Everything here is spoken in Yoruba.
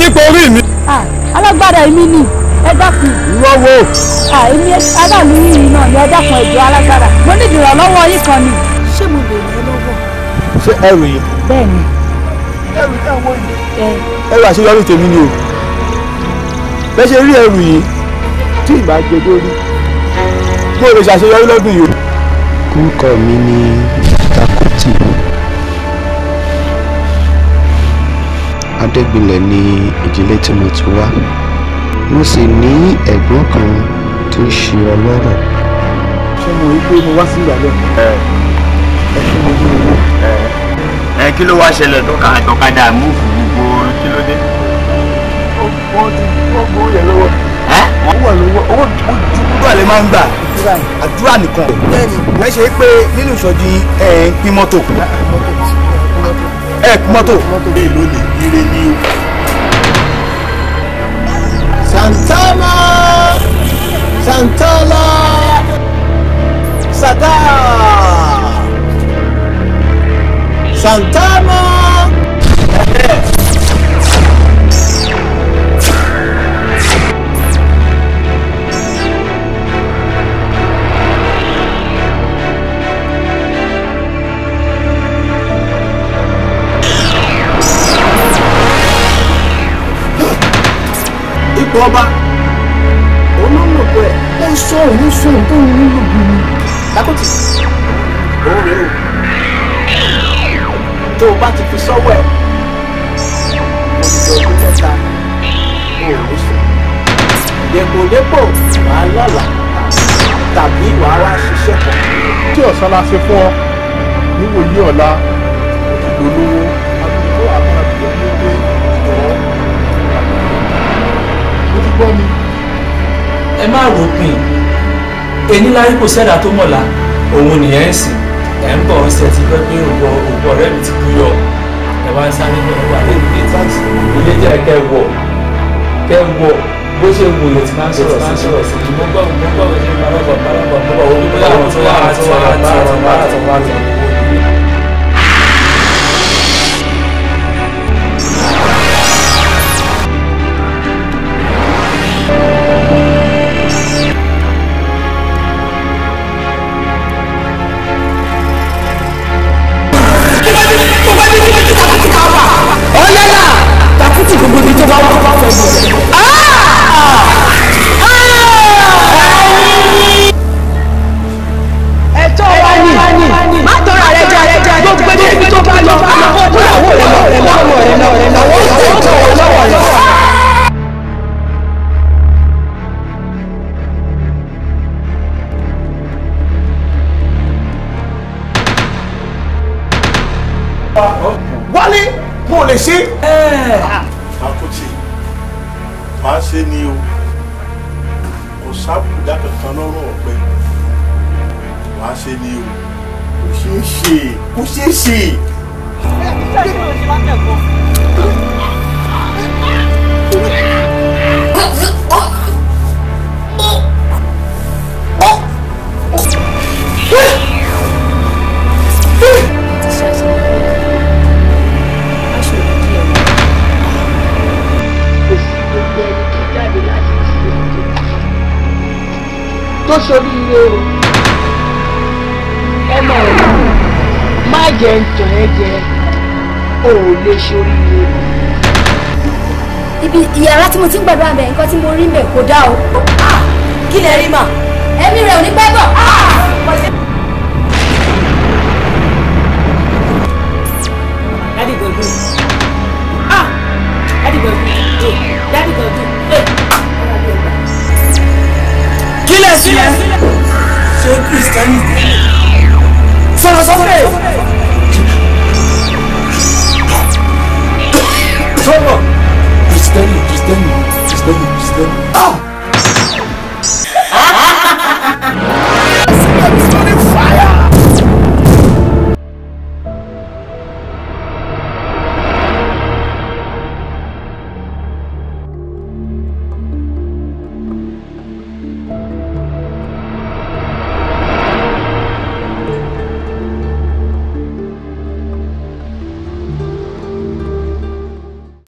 nítorí mi. alágbádá èmi ni ẹ dákun. lọ́wọ́. èmi aráàlú yìí náà ni ẹ dákun ẹ̀jọ̀ alágbádá mo ní ìrànlọ́wọ́ yìí kan ni. ṣé mo lè ràn ẹ́ lọ́wọ́. ṣé ẹrù yìí. bẹ́ẹ̀ni. ẹrù náà wọ yìí. ẹrù àṣeyọrí tèmi ni o bẹ́ẹ̀ ṣe rí ẹrù yìí tí ìbá gbẹdọ́ rí kí o lè ṣàṣeyọrí lọ́dún yìí. kúkọ mi ni adẹ́gbilẹ̀ ni ìdílé tí mo ti wá mo sì ní ẹ̀gbọ́n kan tó ṣe ọlọ́rọ̀. ṣé mo rí pé mo wá sí ìgbàlẹ̀ ẹ ẹ ṣe mo ní owó. ẹ kí ló wá ṣẹlẹ̀ tọ́ka àtọ́kadà múùfù gbogbo kí ló dé. wọ́n ti wọ́n gbowó yẹn lọ́wọ́. wọ́n wà lọ́wọ́ owó dúdúrà lè máa ń gbà àdúrà nìkan. ẹ ṣe pé nínú ìṣọ́jú ẹ ń pín mọ́tò. ẹ pín mọ́tò. ẹ pín mọ́tò. within you. Santana! Santana! Sada! Santana! ọba òun ló ń lò pẹ́ ó ń sọ òun sọ òun tó ń nílò gbùnú dákòtì òun rèé o tó o bá ti fi sọ́wọ́ ẹ̀ mo ti jọ ọdún mẹ́ta òun ló sọ dèpòdépò wàá lọ́la tàbí wàá wá ṣiṣẹ́ kan. tí ọ̀sán la ṣe fún ọ níwòye ọ̀la òdìgbò ló ẹni láyé kò sẹ́dá tó mọ̀lá òun nìyẹn ń sìn ẹ̀ ń bọ̀ ọ̀sẹ̀ ti pẹ́ pé òwò ọ̀rẹ́ mi ti kú yọ ẹ̀ wá ń sáré pé wà lẹ́nu ilé táàsì ilé jẹ́ kẹ́ wọ̀ kẹ́ wọ̀ bó ṣe wù ló ti máa ń sọ̀rọ̀ sí sọ̀rọ̀ sí ìgbọ́gbọ́ ìgbọ́gbọ́ ìṣẹ́ ìgbàlọ́gbọ̀ ìgbàlọ́gbọ̀ ìgbọ́gbọ́ gbogbo tó bá wà fẹ́ ah! mi. ẹ̀tọ́ wa ni má tọrọ rẹ jẹ gbogbo tó bá lọ àkókò ah! ah! ìyàwó rẹ lọ́wọ́ rẹ lọ́wọ́ rẹ lọ́wọ́ rẹ lọ́wọ́ rẹ lọ́wọ́ rẹ. wálé mo lè ṣe. Eh! ṣe ni o kò sábùdá kankan lọ́rọ̀ ọ̀pẹ wà á ṣe ni o kò ṣeé ṣe kò ṣeé ṣe. Oh! tó ṣoríire o ọmọ ọ̀la má jẹ ń tàn ẹ́ jẹ o ò lè ṣoríire. ibi ìyàrá tí mo ti ń gbàdúrà bẹ̀ nǹkan tí mo rí mẹ́ kò dá o. Ah! kí lẹ rí mà ẹ̀mí rẹ̀ ò ní s e n c i o Soy cristiano. ¡Son los hombres! ¡Solo! Cristiano.